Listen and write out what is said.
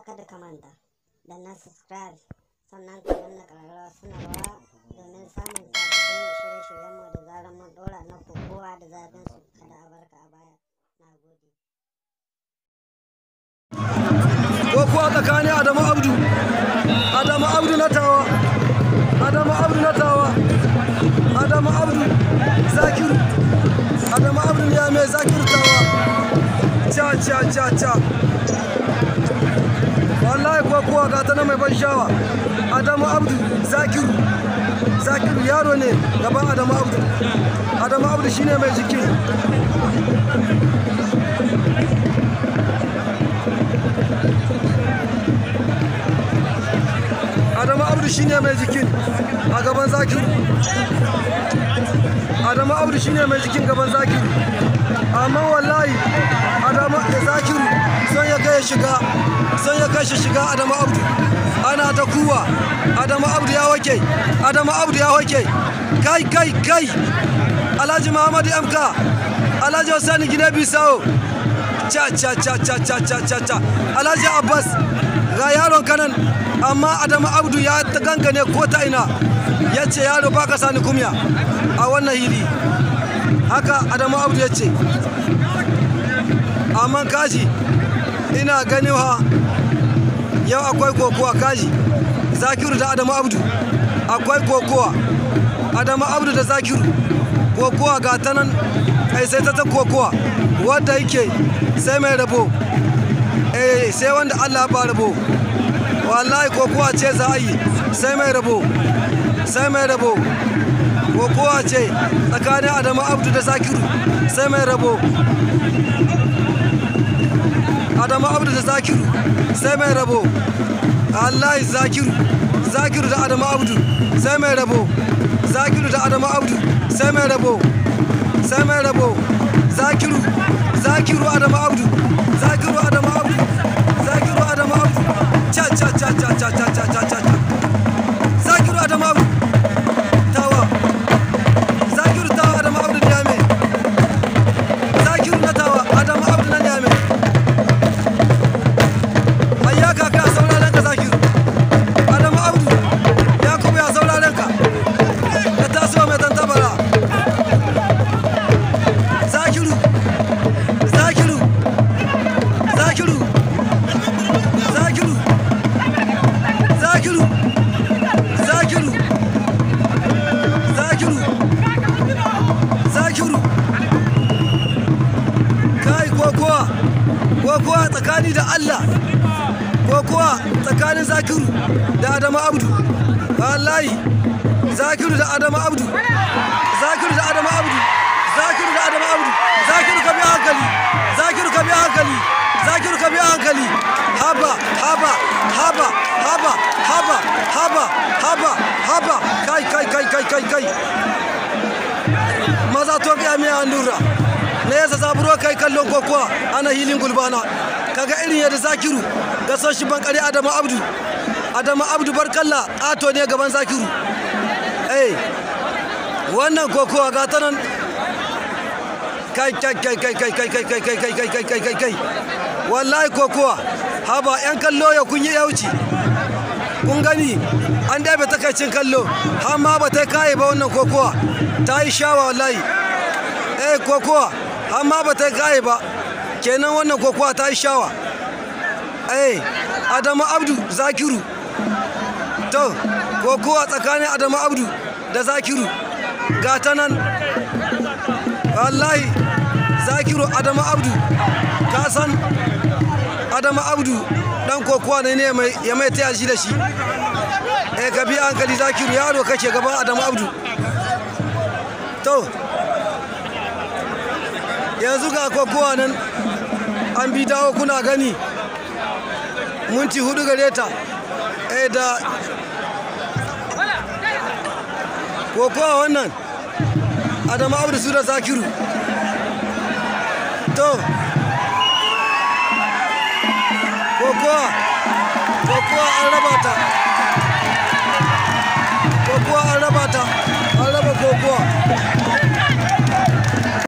ka kada ka manta da na subscribe sannan ka danna suna sanarwa domin samun sababbin shirye-shiryenmu da zarar mun ɗora na kowa da zafin su kada a barka a baya na gode ko kuwa tsakanin adamu abdu adamu abdu na tawa adamu abdu na tawa adamu abdu zakiru adamu abdu ya mai zakiru tawa cha cha cha cha kuwa ga ta na mai ban shawa adamu abdu zakiru zakiru yaro ne gaban adamu abdu adamu abdu shine mai jiki adamu abdu shine mai jikin a gaban zakiru adamu abdu shine mai jikin gaban zakiru amma wallahi adamu zakiru ya shiga sai ya kai shi shiga adama abdu ana ta kuwa adama abdu ya wake adama abdu ya wake kai kai kai alhaji muhammadu amka alhaji Sani gine bisawo cha cha cha cha cha cha cha cha alhaji abbas ga yaron kanan amma adama abdu ya ta gangane ko ta ina ya ce yaro baka sani kumya a wannan hili haka adama abdu ya ce amma kashi ina ganin ha yau akwai kokowa kaji zakiru da adamu abdu akwai kokowa adamu abdu da zakiru kokowa ga ta nan kai sai ta ta kokowa wadda yake sai mai rabo eh sai wanda allah ba rabo wallahi kokowa ce za a yi sai mai rabo sai mai rabo kokowa ce tsakanin adamu abdu da zakiru sai mai rabo adamu abdu da zakiru sai mai rabo Allah zakiru zakiru da adamu abdu sai mai rabo zakiru da adamu sai mai rabo sai mai rabo zakiru zakiru adamu abdu zakiru adamu abdu zakiru adamu cha cha cha cha cha cha cha ko kuwa tsakani da Allah ko kuwa tsakanin Zakiru da Adama Abdu wallahi Zakiru da Adama Abdu Zakiru da Adama Abdu Zakiru da Adama Abdu Zakiru ka bi hankali Zakiru ka bi hankali Zakiru ka bi hankali haba haba haba haba haba haba haba haba kai kai kai kai kai kai maza to ga mi andura yasa zaburo kai kallon kokowa ana hilin gulbana kaga irin yadda zakiru ga son shi ban kare adamu abdu adamu abdu barkalla ato ne gaban zakiru eh wannan kokowa ga ta nan kai kai kai kai kai kai kai kai kai kai kai kai kai kai kai wallahi kokowa haba yan kallo ya kun yi yauci kun gani an dai ba cin kallo har ma ba ta kai ba wannan kokowa ta yi shawa wallahi eh kokowa amma ba ta gaye ba kenan wannan kokowa ta yi shawa eh adamu abdu zakiru to kokowa tsakanin adamu abdu da zakiru ga ta nan wallahi zakiru adamu abdu ka san adamu abdu dan kokowa ne ne ya mai taya shi da shi eh ka biya hankali zakiru yaro kake gaban adamu abdu to yanzu ga kokowa nan an bi dawo kuna gani minti hudu gare ta eh, da kokowa wannan adama abu da su da zakiru to kokowa kokowa an rabata.